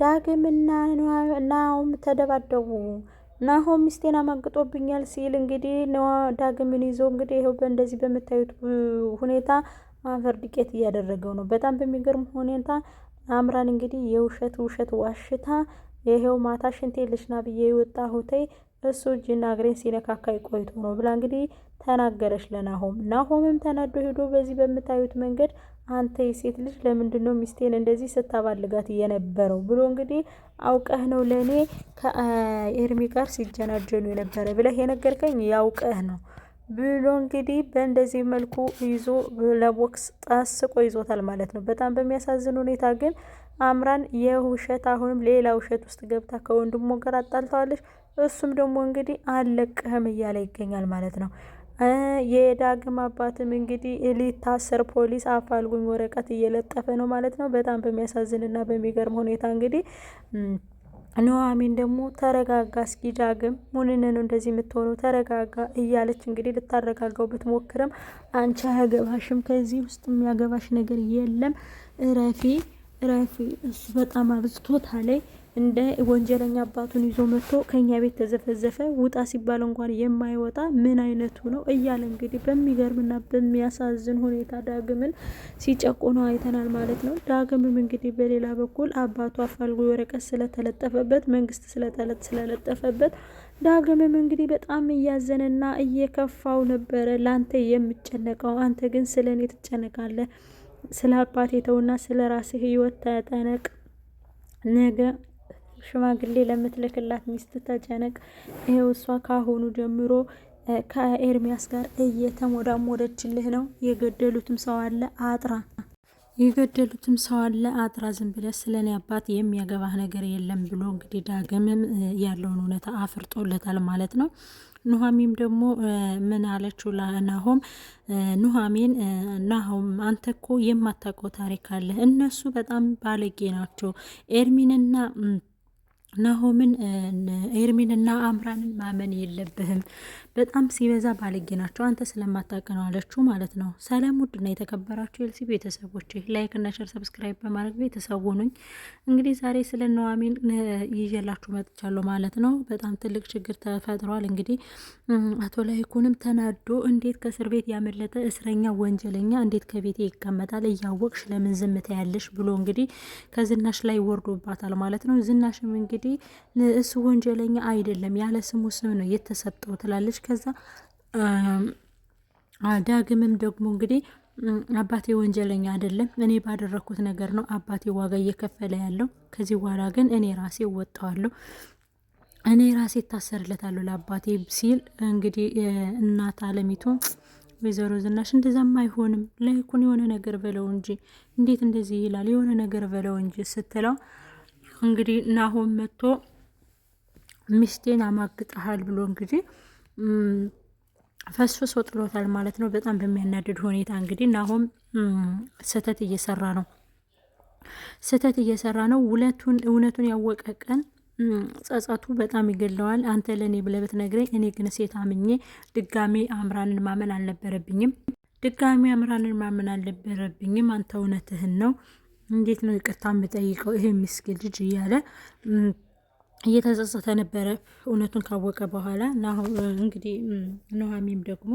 ዳግምና ናሆም ተደባደቡ። ናሆም ሚስቴን አማግጦብኛል ሲል እንግዲህ ዳግምን ይዞ እንግዲህ ይኸው እንደዚህ በምታዩት ሁኔታ ማፈር ዱቄት እያደረገው ነው። በጣም በሚገርም ሁኔታ አምራን እንግዲህ የውሸት ውሸት ዋሽታ ይሄው ማታ ሽንቴ ልሽና ብዬ የወጣሁት እሱ እጅና እግሬን ሲነካካ ቆይቶ ነው ብላ እንግዲህ ተናገረች ለናሆም። ናሆምም ተናዶ ሄዶ በዚህ በምታዩት መንገድ አንተ የሴት ልጅ ለምንድን ነው ሚስቴን እንደዚህ ስታባልጋት የነበረው ብሎ እንግዲህ አውቀህ ነው ለእኔ ከኤርሚ ጋር ሲጀናጀኑ የነበረ ብለህ የነገርከኝ ያውቀህ ነው ብሎ እንግዲህ በእንደዚህ መልኩ ይዞ ለቦክስ ጠስቆ ይዞታል ማለት ነው። በጣም በሚያሳዝን ሁኔታ ግን አምራን የውሸት አሁንም ሌላ ውሸት ውስጥ ገብታ ከወንድሞ ጋር አጣልተዋለች። እሱም ደግሞ እንግዲህ አለቅህም እያለ ይገኛል ማለት ነው። የዳግም አባትም እንግዲህ ሊታሰር ፖሊስ አፋልጉኝ ወረቀት እየለጠፈ ነው ማለት ነው። በጣም በሚያሳዝንና በሚገርም ሁኔታ እንግዲህ ኑሐሚን ደግሞ ተረጋጋ፣ እስኪ ዳግም ሙንነ ነው እንደዚህ የምትሆነው ተረጋጋ እያለች እንግዲህ ልታረጋጋው ብትሞክርም አንቺ አያገባሽም፣ ከዚህ ውስጥ የሚያገባሽ ነገር የለም፣ እረፊ እረፊ፣ እሱ በጣም አብዝቶታ ላይ እንደ ወንጀለኛ አባቱን ይዞ መጥቶ ከኛ ቤት ተዘፈዘፈ ውጣ ሲባል እንኳን የማይወጣ ምን አይነቱ ነው እያለ እንግዲህ በሚገርምና በሚያሳዝን ሁኔታ ዳግምን ሲጨቁነው አይተናል ማለት ነው። ዳግምም እንግዲህ በሌላ በኩል አባቱ አፋልጎ ወረቀት ስለተለጠፈበት መንግስት ስለጠለጥ ስለለጠፈበት ዳግምም እንግዲህ በጣም እያዘነና እየከፋው ነበረ። ለአንተ የምጨነቀው አንተ ግን ስለ እኔ ትጨነቃለህ። ስለ አባቴ ተውና ስለ ራስህ ህይወት ተጠነቅ ነገ ሽማግሌ ለምትልክላት ሚስት ተጨነቅ። ይሄው እሷ ካሁኑ ጀምሮ ከኤርሚያስ ጋር እየተሞዳሞደችልህ ነው። የገደሉትም ሰው አለ አጥራ የገደሉትም ሰው አለ አጥራ። ዝም ብለህ ስለኔ አባት የሚያገባህ ነገር የለም ብሎ እንግዲህ ዳግምም ያለውን እውነታ አፍርጦለታል ማለት ነው። ኑሀሚም ደግሞ ምን አለችው? ናሆም ኑሃሚን ናሆም አንተ እኮ የማታውቀው ታሪክ አለ። እነሱ በጣም ባለጌ ናቸው ኤርሚንና ናሆምን ኤርሚን እና አምራንን ማመን የለብህም። በጣም ሲበዛ ባለጌ ናቸው። አንተ ስለማታውቅ አለችው ማለት ነው። ሰላም ውድና የተከበራችሁ የልሲ ቤተሰቦች ላይክ እና ሸር ሰብስክራይብ በማድረግ ቤተሰቡ ነኝ። እንግዲህ ዛሬ ስለ ኑሐሚን ይዤላችሁ መጥቻለሁ ማለት ነው። በጣም ትልቅ ችግር ተፈጥሯል። እንግዲህ አቶ ላይኩንም ተናዶ እንዴት ከእስር ቤት ያመለጠ እስረኛ ወንጀለኛ እንዴት ከቤቴ ይቀመጣል እያወቅሽ ለምን ዝምታ ያለሽ ብሎ እንግዲህ ከዝናሽ ላይ ወርዶባታል ማለት ነው። ዝናሽም እንግዲህ እንግዲህ እሱ ወንጀለኛ አይደለም ያለ ስሙ ስም ነው የተሰጠው ትላለች። ከዛ ዳግምም ደግሞ እንግዲህ አባቴ ወንጀለኛ አይደለም፣ እኔ ባደረግኩት ነገር ነው አባቴ ዋጋ እየከፈለ ያለው። ከዚህ በኋላ ግን እኔ ራሴ እወጣዋለሁ፣ እኔ ራሴ እታሰርለታለሁ ለአባቴ ሲል እንግዲህ እናት አለሚቱ ወይዘሮ ዝናሽ እንደዛም አይሆንም፣ ላይኩን የሆነ ነገር በለው እንጂ እንዴት እንደዚህ ይላል? የሆነ ነገር በለው እንጂ ስትለው እንግዲህ ናሆም መጥቶ ሚስቴን አማግጠሃል ብሎ እንግዲህ ፈስፍሶ ጥሎታል ማለት ነው። በጣም በሚያናድድ ሁኔታ እንግዲህ ናሆም ስህተት እየሰራ ነው ስህተት እየሰራ ነው። ውለቱን እውነቱን ያወቀ ቀን ጸጸቱ በጣም ይገለዋል። አንተ ለእኔ ብለህ ብትነግረኝ፣ እኔ ግን ሴት አምኜ ድጋሜ አምራንን ማመን አልነበረብኝም ድጋሜ አምራንን ማመን አልነበረብኝም። አንተ እውነትህን ነው እንዴት ነው ይቅርታ የምጠይቀው ይሄ ምስኪን ልጅ እያለ እየተጸጸተ ነበረ እውነቱን ካወቀ በኋላ። እንግዲህ ኑሐሚንም ደግሞ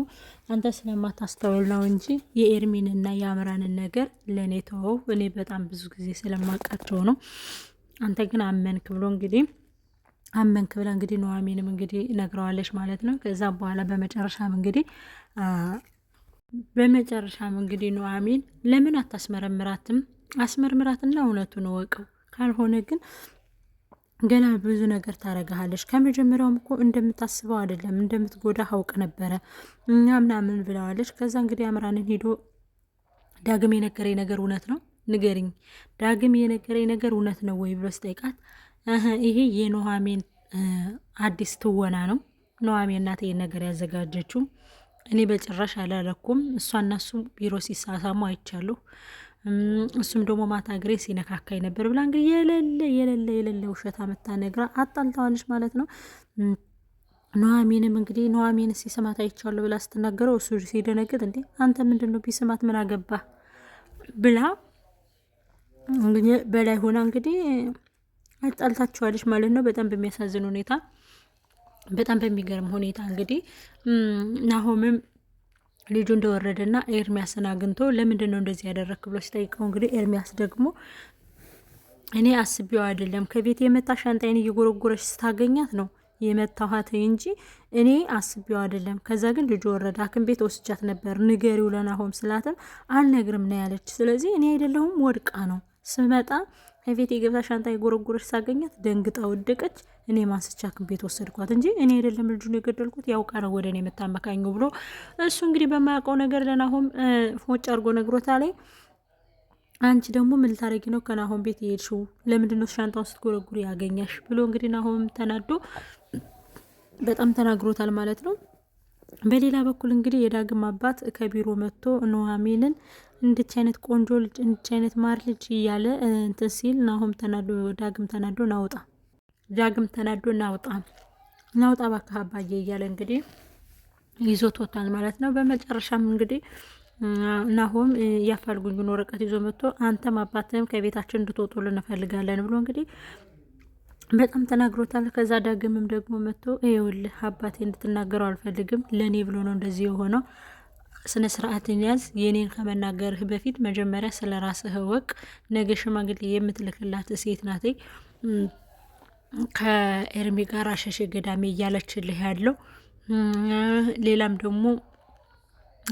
አንተ ስለማታስተውል ነው እንጂ የኤርሚንና የአምራንን ነገር ለእኔ ተወው፣ እኔ በጣም ብዙ ጊዜ ስለማውቃቸው ነው። አንተ ግን አመንክ ብሎ እንግዲህ አመንክ ብላ እንግዲህ ኑሐሚንም እንግዲህ ነግረዋለች ማለት ነው። ከዛም በኋላ በመጨረሻም እንግዲህ በመጨረሻም እንግዲህ ኑሐሚን ለምን አታስመረምራትም አስመርምራትና እውነቱን እወቀው። ካልሆነ ግን ገና ብዙ ነገር ታረጋሃለች። ከመጀመሪያውም እኮ እንደምታስበው አይደለም፣ እንደምትጎዳ አውቅ ነበረ እኛ ምናምን ብለዋለች። ከዛ እንግዲህ አምራንን ሄዶ ዳግም የነገረኝ ነገር እውነት ነው ንገርኝ፣ ዳግም የነገረኝ ነገር እውነት ነው ወይ ብሎ ስጠይቃት ይሄ የኑሐሚን አዲስ ትወና ነው። ኑሐሚን እናት ይህን ነገር ያዘጋጀችው። እኔ በጭራሽ አላለኩም። እሷ እሱ ቢሮ ሲሳሳሙ አይቻለሁ። እሱም ደግሞ ማታ እግሬ ሲነካካኝ ነበር ብላ እንግዲህ የሌለ የሌለ የሌለ ውሸት አመታ ነግራ አጣልተዋለች ማለት ነው። ኑሐሚንም እንግዲህ ኑሐሚን ሲስማት አይቻለሁ ብላ ስትናገረው እሱ ሲደነግጥ እንዴ አንተ ምንድን ነው ቢስማት ምን አገባ ብላ በላይ ሆና እንግዲህ አጣልታቸዋለች ማለት ነው። በጣም በሚያሳዝን ሁኔታ በጣም በሚገርም ሁኔታ እንግዲህ ናሆምም ልጁ እንደወረደና ኤርሚያስን አግኝቶ ለምንድን ነው እንደዚህ ያደረግክ ብሎ ሲጠይቀው እንግዲህ ኤርሚያስ ደግሞ እኔ አስቤው አይደለም ከቤት የመታ ሻንጣይን እየጎረጎረች ስታገኛት ነው የመታኋት እንጂ እኔ አስቤው አይደለም። ከዛ ግን ልጁ ወረደ፣ ሐኪም ቤት ወስጃት ነበር ንገሪው ለናሆም ስላትም አልነግርም ነው ያለች። ስለዚህ እኔ አይደለሁም ወድቃ ነው ስመጣ ከቤት የገብታ ሻንጣ የጎረጎረች ሳገኛት ደንግጣ ወደቀች። እኔ ማንስቻ ቤት ወሰድኳት እንጂ እኔ አይደለም ልጁን የገደልኩት ያውቃ ነው ወደ እኔ የምታመካኝ ብሎ እሱ እንግዲህ በማያውቀው ነገር ለናሆም ፎጭ አድርጎ ነግሮታ ላይ አንቺ ደግሞ ምን ልታረጊ ነው ከናሆም ቤት የሄድሽው? ለምንድን ነው ሻንጣውን ስትጎረጉሪ ያገኛሽ? ብሎ እንግዲህ ናሆም ተናዶ በጣም ተናግሮታል ማለት ነው። በሌላ በኩል እንግዲህ የዳግም አባት ከቢሮ መጥቶ ኑሐሚንን እንድች አይነት ቆንጆ ልጅ እንድች አይነት ማር ልጅ እያለ እንትን ሲል ናሆም ተናዶ ዳግም ተናዶ ናውጣ ዳግም ተናዶ እናውጣ እናውጣ እባክህ አባዬ እያለ እንግዲህ ይዞት ወጥቷል ማለት ነው። በመጨረሻም እንግዲህ ናሆም ያፋልጉኝን ወረቀት ይዞ መጥቶ አንተም አባትም ከቤታችን እንድትወጡልን እንፈልጋለን ብሎ እንግዲህ በጣም ተናግሮታል። ከዛ ዳግምም ደግሞ መጥቶ ይኸውልህ አባቴ እንድትናገረው አልፈልግም፣ ለእኔ ብሎ ነው እንደዚህ የሆነው። ስነ ስርዓትን ያዝ። የኔን ከመናገርህ በፊት መጀመሪያ ስለ ራስህ እወቅ። ነገ ሽማግሌ የምትልክላት ሴት ናት። ከኤርሚ ጋር ሸሽ ገዳሜ እያለችልህ ያለው ሌላም ደግሞ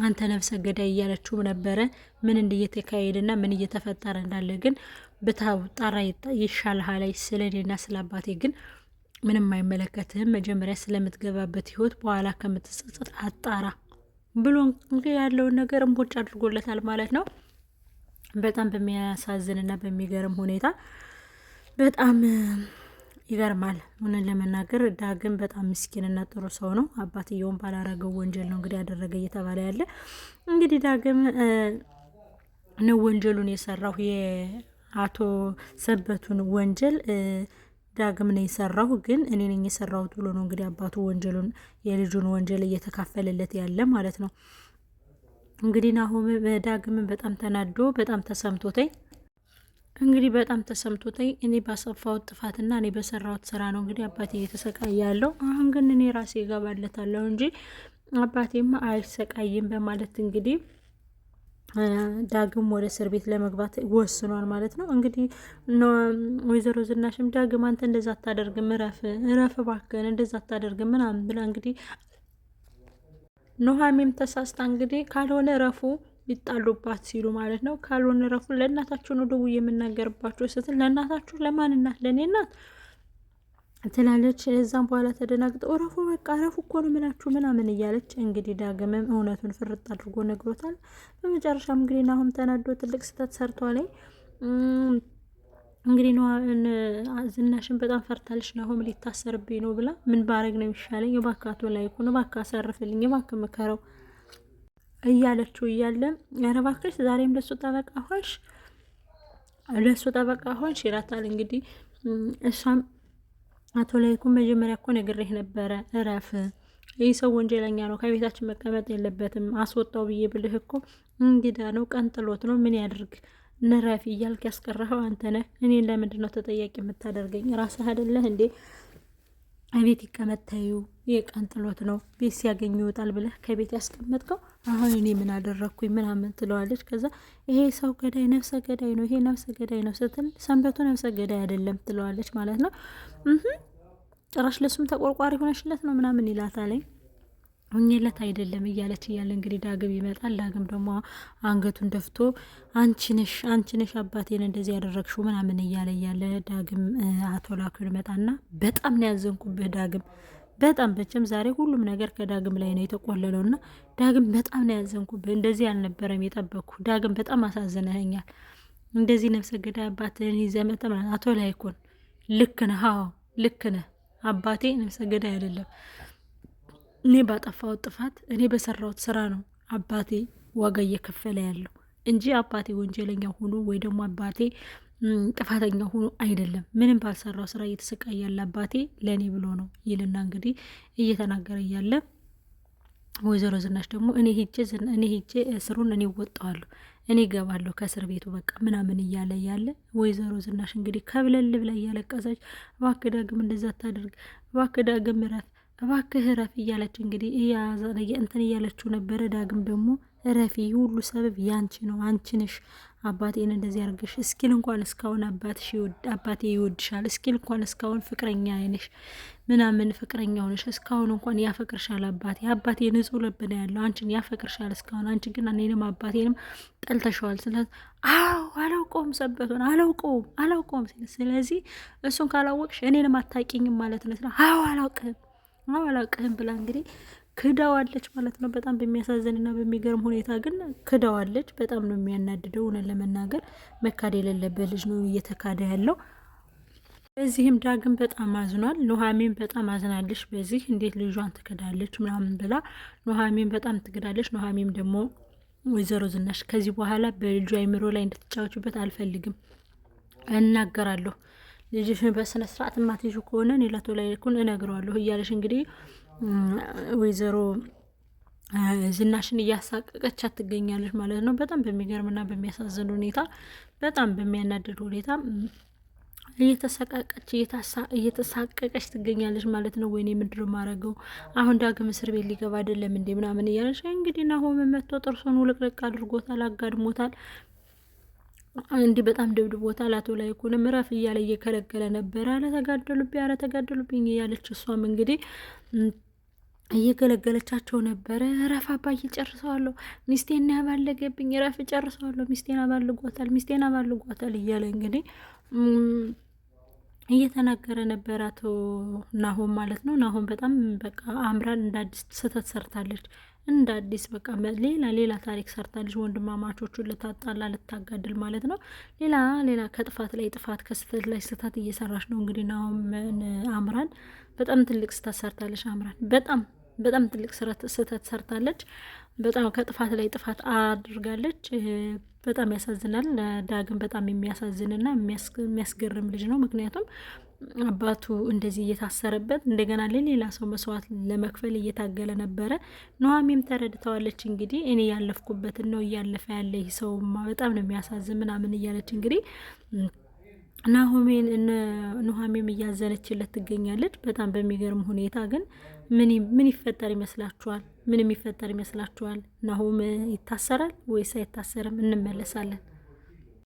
አንተ ነፍሰ ገዳይ እያለችውም ነበረ። ምን እንደየተካሄደና ምን እየተፈጠረ እንዳለ ግን ብታጣራ ይሻልሃል። ስለ እኔና ስለ አባቴ ግን ምንም አይመለከትህም። መጀመሪያ ስለምትገባበት ህይወት በኋላ ከምትጸጸት አጣራ ብሎ እንግዲህ ያለውን ነገር እምቦጭ አድርጎለታል ማለት ነው። በጣም በሚያሳዝንና በሚገርም ሁኔታ በጣም ይገርማል። እውነት ለመናገር ዳግም በጣም ምስኪንና ጥሩ ሰው ነው። አባትየውን ባላረገው ወንጀል ነው እንግዲህ ያደረገ እየተባለ ያለ እንግዲህ ዳግም ነው ወንጀሉን የሰራው የአቶ ሰበቱን ወንጀል ዳግም ነው የሰራው ግን እኔ ነኝ የሰራሁት ብሎ ነው እንግዲህ አባቱ ወንጀሉን የልጁን ወንጀል እየተካፈለለት ያለ ማለት ነው። እንግዲህ ናሆም ዳግምን በጣም ተናዶ በጣም ተሰምቶተኝ እንግዲህ በጣም ተሰምቶታይ እኔ ባሰፋሁት ጥፋትና እኔ በሰራሁት ስራ ነው እንግዲህ አባቴ እየተሰቃየ ያለው። አሁን ግን እኔ ራሴ እገባለታለሁ እንጂ አባቴማ አይሰቃይም በማለት እንግዲህ ዳግም ወደ እስር ቤት ለመግባት ወስኗል ማለት ነው። እንግዲህ ወይዘሮ ዝናሽም ዳግም አንተ እንደዛ አታደርግም፣ እረፍ እረፍ ባክን፣ እንደዛ አታደርግም ምናምን ብላ እንግዲህ ኑሐሚንም ተሳስታ እንግዲህ ካልሆነ እረፉ ይጣሉባት ሲሉ ማለት ነው። ካልሆነ ረፉ ለእናታችሁ ነው ደው የምናገርባችሁ ስትል ለእናታችሁ ለማን እናት? ለእኔ እናት ትላለች። እዛም በኋላ ተደናግጠው ረፉ በቃ ረፉ እኮ ነው ምናችሁ ምናምን እያለች እንግዲህ ዳግምም እውነቱን ፍርጥ አድርጎ ነግሮታል። በመጨረሻም እንግዲህ ናሁም ተናዶ ትልቅ ስህተት ሰርቷ ላይ እንግዲህ ዝናሽን በጣም ፈርታለች። ናሁም ሊታሰርብኝ ነው ብላ ምን ባረግ ነው የሚሻለኝ? የባካቶ ላይ እኮ ነው ባካ አሳርፍልኝ፣ የባክ ምከረው እያለችው እያለ ኧረ እባክሽ ዛሬም ለሱ ጠበቃ ሆንሽ ለሱ ጠበቃ ሆንሽ ይላታል። እንግዲህ እሷም አቶ ላይኩን መጀመሪያ እኮ ነግሬህ ነበረ፣ እረፍ ይህ ሰው ወንጀለኛ ነው፣ ከቤታችን መቀመጥ የለበትም፣ አስወጣው ብዬ ብልህ እኮ እንግዳ ነው፣ ቀን ጥሎት ነው፣ ምን ያድርግ ንረፊ እያልክ ያስቀረኸው አንተ ነህ። እኔን ለምንድን ነው ተጠያቂ የምታደርገኝ? ራስህ አይደለህ እንዴ? አቤት ይቀመጥ የቀን ጥሎት ነው ቤት ሲያገኝ ይወጣል ብለህ ከቤት ያስቀመጥከው አሁን እኔ ምን አደረግኩኝ ምናምን ትለዋለች። ከዛ ይሄ ሰው ገዳይ ነፍሰ ገዳይ ነው ይሄ ነፍሰ ገዳይ ነው ስትል ሰንበቱ ነፍሰ ገዳይ አይደለም ትለዋለች ማለት ነው። ጭራሽ ለሱም ተቆርቋሪ ሆነሽለት ነው ምናምን ይላታለኝ። ሁኝለት አይደለም እያለች እያለ እንግዲህ ዳግም ይመጣል። ዳግም ደግሞ አንገቱን ደፍቶ አንቺነሽ አንቺነሽ አባቴን እንደዚህ ያደረግሽው ምናምን እያለ እያለ ዳግም አቶ ላኩ ይመጣና በጣም ነው ያዘንኩብህ ዳግም በጣም በቸም ዛሬ ሁሉም ነገር ከዳግም ላይ ነው የተቆለለው እና ዳግም በጣም ነው ያዘንኩብህ። እንደዚህ አልነበረም የጠበቅኩ ዳግም በጣም አሳዝነኸኛል። እንደዚህ ነፍሰ ገዳይ አባትህን ይዘህ መጥተህ አቶ ላይኩን ልክ ነህ፣ አዎ ልክ ነህ አባቴ ነፍሰ ገዳይ አይደለም እኔ ባጠፋሁት ጥፋት እኔ በሰራሁት ስራ ነው አባቴ ዋጋ እየከፈለ ያለው እንጂ አባቴ ወንጀለኛ ሆኖ ወይ ደግሞ አባቴ ጥፋተኛ ሆኖ አይደለም። ምንም ባልሰራው ስራ እየተሰቃየ ያለ አባቴ ለእኔ ብሎ ነው ይልና እንግዲህ እየተናገረ እያለ ወይዘሮ ዝናሽ ደግሞ እኔ ሄጄ እኔ ሄጄ እስሩን እኔ እወጣዋለሁ እኔ ገባለሁ ከእስር ቤቱ በቃ ምናምን እያለ ያለ ወይዘሮ ዝናሽ እንግዲህ ከብለል ብላ እያለቀሰች እባክህ ዳግም እንደዛ አታደርግ እባክህ ዳግም ምራት እባክህ ረፊ እያለች እንግዲህ እንትን እያለችው ነበረ። ዳግም ደግሞ ረፊ ሁሉ ሰበብ ያንቺ ነው፣ አንቺንሽ አባቴን እንደዚህ አድርገሽ እስኪል እንኳን እስካሁን አባትሽ አባቴ ይወድሻል፣ እስኪል እንኳን እስካሁን ፍቅረኛ አይነሽ ምናምን ፍቅረኛ ሆነሽ እስካሁን እንኳን ያፈቅርሻል አባቴ አባቴ ንጹህ ልብ ያለው አንቺን ያፈቅርሻል እስካሁን አንቺ ግን እኔንም አባቴንም ጠልተሸዋል። ስለዚ አዎ አላውቀውም፣ ሰበቱን አላውቀውም አላውቀውም። ስለዚህ እሱን ካላወቅሽ እኔንም አታቂኝም ማለት ነው። ስለ አዎ አላውቅም ነው አላውቅህም ብላ እንግዲህ ክዳዋለች ማለት ነው። በጣም በሚያሳዝንና በሚገርም ሁኔታ ግን ክዳዋለች። በጣም ነው የሚያናድደው። እውነት ለመናገር መካድ የሌለበት ልጅ ነው እየተካደ ያለው። በዚህም ዳግም በጣም አዝኗል። ኑሐሚን በጣም አዝናለች። በዚህ እንዴት ልጇን ትክዳለች ምናምን ብላ ኑሐሚን በጣም ትክዳለች። ኑሐሚን ደግሞ ወይዘሮ ዝናሽ ከዚህ በኋላ በልጁ አይምሮ ላይ እንድትጫወችበት አልፈልግም፣ እናገራለሁ ልጅሽን በስነ ስርዓት ማትይዙ ከሆነ እኔ ላቶ ላይ ልኩን እነግረዋለሁ እያለሽ እንግዲህ ወይዘሮ ዝናሽን እያሳቀቀች ትገኛለች ማለት ነው። በጣም በሚገርምና በሚያሳዝን ሁኔታ በጣም በሚያናድድ ሁኔታ እየተሰቃቀች እየተሳቀቀች ትገኛለች ማለት ነው። ወይኔ ምንድን ማረገው አሁን ዳግም እስር ቤት ሊገባ አይደለም እንዴ ምናምን እያለች እንግዲህ ናሆም መጥቶ ጥርሱን ውልቅልቅ አድርጎታል፣ አጋድሞታል። እንዲህ በጣም ደብድቦታል። አቶ ላይኩንም ምረፍ እያለ እየከለከለ ነበረ። አለተጋደሉብኝ አለተጋደሉብኝ እያለች እሷም እንግዲህ እየገለገለቻቸው ነበረ። እረፍ አባዬ ጨርሰዋለሁ፣ ሚስቴን ያባለገብኝ፣ እረፍ ጨርሰዋለሁ፣ ሚስቴን አባልጓታል፣ ሚስቴን አባልጓታል እያለ እንግዲህ እየተናገረ ነበር አቶ ናሆም ማለት ነው። ናሆም በጣም በቃ አምራን እንደ አዲስ ስህተት ሰርታለች። እንደ አዲስ በቃ ሌላ ሌላ ታሪክ ሰርታለች። ወንድማማቾቹን ልታጣላ ልታጋድል ማለት ነው። ሌላ ሌላ ከጥፋት ላይ ጥፋት ከስህተት ላይ ስህተት እየሰራች ነው። እንግዲህ ናሁምን አምራን በጣም ትልቅ ስህተት ሰርታለች። አምራን በጣም በጣም ትልቅ ስህተት ሰርታለች። በጣም ከጥፋት ላይ ጥፋት አድርጋለች። በጣም ያሳዝናል። ዳግም በጣም የሚያሳዝንና የሚያስገርም ልጅ ነው። ምክንያቱም አባቱ እንደዚህ እየታሰረበት እንደገና ለሌላ ሰው መስዋዕት ለመክፈል እየታገለ ነበረ። ኑሐሚንም ተረድተዋለች። እንግዲህ እኔ ያለፍኩበትን ነው እያለፈ ያለ ይህ ሰውማ በጣም ነው የሚያሳዝን ምናምን እያለች እንግዲህ ናሆሜን ኑሐሚንም እያዘነችለት ትገኛለች። በጣም በሚገርም ሁኔታ ግን ምን ይፈጠር ይመስላችኋል? ምን የሚፈጠር ይመስላችኋል? ናሆም ይታሰራል ወይስ አይታሰርም? እንመለሳለን።